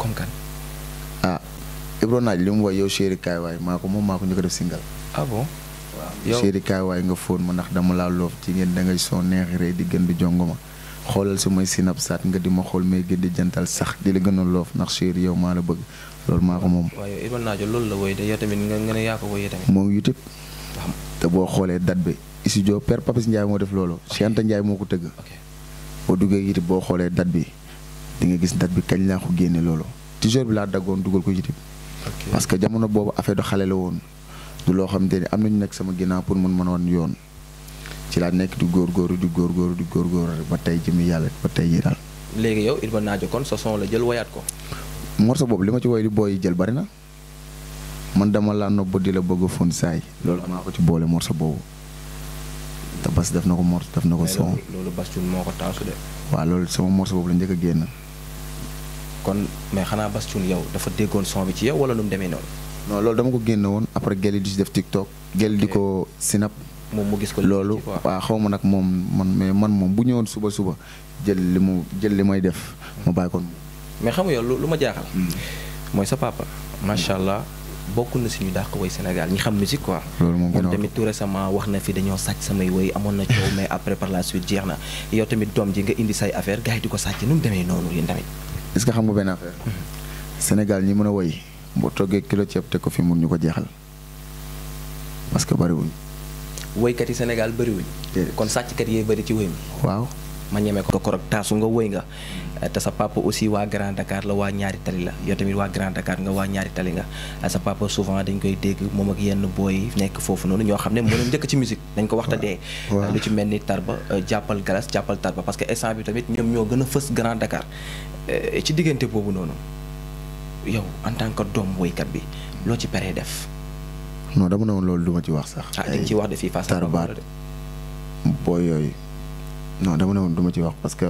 comme kan. ah Ibro Naaj li mu woy yow chéri waay maa ko moom maa ko njëkk def single. ah bon waaw waay nga fóon ma ndax dama laa loof ci ngeen da ngay soo neexi di gën bi di jongoma xoolal si may sinap saat nga di ma xool may gën di jantal sax di la gëna a loof ndax chéri yow maa la bëgg loolu maa ko moom. waaw yow loolu la woy de yow tamit nga ne yaa ko woyee tamit. moom YouTube. te boo xoolee dat bi studio Père Papis Ndiaye moo def loolu Cheikh Anta Ndiaye moo ko tëgg boo duggee yitib boo xoolee date bi di nga gis date bi kañ laa ko génne loolu toujours bi laa daggoon dugal ko yitib parce que jamono boobu affaire do xale la woon du loo xam te ne am nañu nekk sama ginnaaw pour mën mën a yoon ci laa nekk di góorgóorlu di góorgóorlu di góor rek ba tey jëmi yàlla ba tey jii léegi yow Iba Nadio kon sa son la jël woyaat ko. morceau boobu li ma ci woy li booy jël bari na. man dama laa nopp di la bëgg a fon saay loolu maa ko ci boole morceau boobu te bas def na ko morceau def na ko son loolu bas cuun moo ko taasu waa waaw loolu sama morceau boobu la njëkk a génn kon mais xanaa bas cuun yow dafa déggoon son bi ci yow wala nu mu demee noonu non loolu dama ko génn woon après gel di si def TikTok gel di ko sinap moom mu gis ko loolu xaw ma nag moom man mais man moom bu ñëwoon suba suba jël li mu jël li may def ma bàyyi ko mais xam nga yow lu ma jaaxal hmm. mooy sa papa macha allah bokk na suñu dàq woy Sénégal ñi xam musique quoi. moom tamit tout récemment wax na fi dañoo sàcc samay woy amoon na coow mais après par la suite jeex na yow tamit doom ji nga indi say affaire gars yi di ko sàcc nu mu demee noonu yéen tamit. est-ce que xam nga benn affaire. Mhm. Sénégal ñi mën a woy boo toggee kilo ceeb te ko fi mun ñu ko jeexal parce que bëriwuñ. woykat yi Sénégal bëriwuñ. kon sàcckat yee bëri ci woy mi waaw. ma ñeme ko korog taasu nga woy nga te sa papa aussi waa Grand Dakar la waa ñaari tali la yow tamit waa Grand Dakar nga waa ñaari tali nga sa papa souvent dañ koy dégg moom ak yenn booy nekk foofu noonu ñoo xam ne mënuñ njëkk ci musique dañ ko waxtadee lu ci mel ni tarba euh, jàppal galas jàppal tarba parce que instant bi tamit ñoom ñoo gën a fës Grand Dakar euh, ci diggante boobu noonu yow en tant que doom woykat bi loo ci paree def non dama ne woon loolu du ma ci wax sax ah di nga ci wax de fii Fass tarbaat booy yooyu non dama ne woon du ma ci wax parce que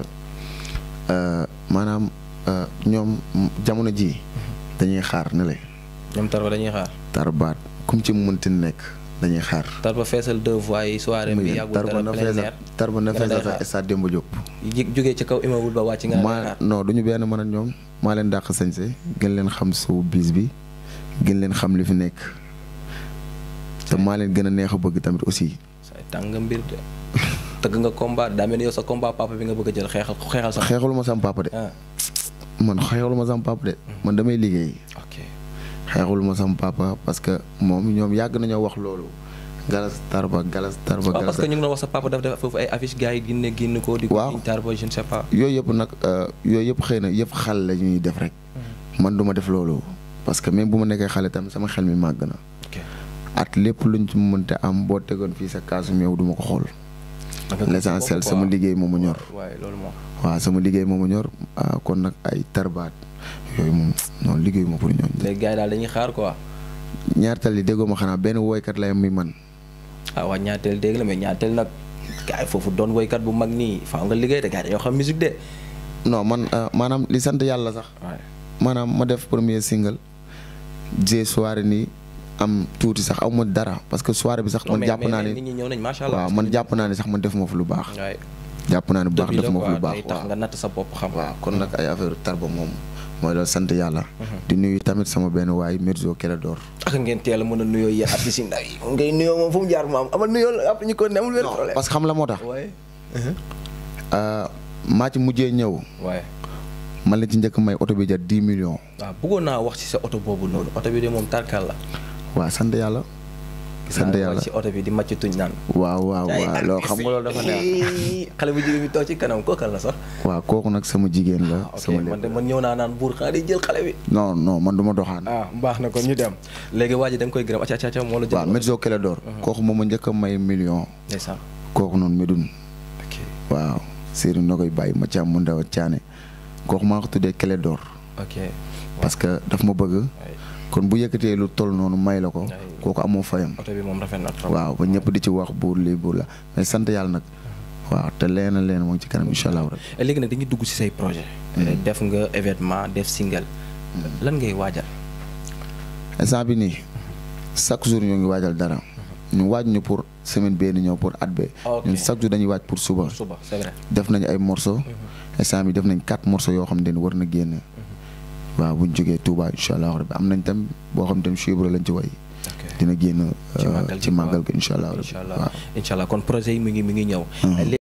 euh, maanaam euh, ñoom jamono ji dañuy xaar ne le. ñoom Tarba dañuy xaar. Tarbaat kum ci mu mënti nekk dañuy xaar. Tarba feesal deux fois yi soirée bi yàggul dara plein Tarba na feesal sax stade Demba Diop. ci kaw immeuble ba wàcc nga xaar non du ñu benn mën a ñoom maa leen dàq sañse gën leen xam suuf bis bi gën leen xam li fi nekk te maa leen gën a neex a bëgg tamit aussi. say tëgg nga combat daa mel sa combat papa bi nga bëgg a jël xeexal xeexal ma sama papa de. Ah. man xeexalu ma sama papa de. Mm. man damay liggéey. ok xeexalu ma sama papa parce que moom ñoom yàgg nañoo wax loolu. galas tarba galas tarba. galas parce que ñu ngi doon wax sa papa daf def foofu ay affiche génn ko. di ko tarba je ne sais pas. yooyu yëpp nag euh, yooyu yëpp xëy na yëpp xal la ñuy def rek. Mm. man du ma def loolu. parce que mais bu ma nekkee xale tam sama xel mi màgg na. at lépp lu luñ ci mënte am boo tegoon fii sa kaasu meew du ma ko xool. l'essentiel sama liggéey moomu ñor waaw sama liggéey moomu ñor ah, kon nag ay tarbaat yooyu moom noonu liggéey ma pour ñooñu léegi gars yi dañuy xaar ko ñaar tali déggoo ma xanaa benn woykat lay muy man ah waa ñaar dégg la mais ñaar nag gars yi foofu doon woykat bu mag nii fa nga liggéey te gars yi dañoo xam musique de no man ah, maanaam li sant yàlla sax maanaam ma def premier single je soirée nii am tuuti sax aw ma dara parce que soirée bi sax man jàpp naa ne waaw man jàpp naa ne sax man def ma fa lu baax jàpp naa ne bu baax def ma fa lu baax waaw nga natt sa bopp xam kon nag ay affaire tarba moom mooy loolu sant yàlla mhm. di nuyu tamit sama benn waay Mirzo Keledor ak ngeen teel a mën a nuyoo yéen artistes yi ndaw yi ngay nuyoo moom fu mu jaar maam amal nuyoo après ñu ko parce que xam la moo tax uh-huh. euh, maa ci mujjee ñëw man la ci njëkk may oto bi jar dix millions waaw naa wax ci sa oto boobu noonu oto bi de moom tarkal la waaw sant yàlla. sant yàlla ci oto bi di màcc tuñ naan. waaw waaw waaw loo xam nga loolu dafa neex. xale bu jigéen bi toog ci kanam kooku la sax. waa kooku nag sama jigéen la. Ah, sama man de man ñëw naa naan buur xanaa di jël xale bi. non non man du doxaan. ah na ko ñu dem. léegi waa ji da nga koy gërëm acca acca acca moo la. jël waaw Medzo Kéledor. Mhm. kooku moom a njëkk a may million. ndeysaan kooku noonu Medoune. ok waaw Serigne noo koy bàyyi ma càmm mu ndaw caane kooku maa ko tuddee Kéledor. ok parce que ma bëgg. kon bu yëkkatee lu toll noonu may la ko kooku amoo fayam waaw ba ñëpp di ci wax buur lii buur la mais sant yàlla nag waaw te leena leen moo ngi ci kanam incha allah rek eh, léegi nag dañuy dugg ci say projet hmm. eh, def nga événement def single hmm. lan ngay waajal instant bi nii chaque jour ñoo ngi waajal dara hmm. ñu waaj ñu pour semaine bee ni ñëw pour at bee ñun chaque jour dañuy waaj pour suba def nañu ay morso instant bi def nañ quatre morceaux yoo xam ne wër na génn waaw bu ñu jógee Touba incha allah rabbi am nañ tam boo xam tam Cheikh Ibra lañ ci way dina génn euh, ci màggal gi incha allah rabbi waaw incha allah kon projet yi mi ngi mi ngi ñëw hmm.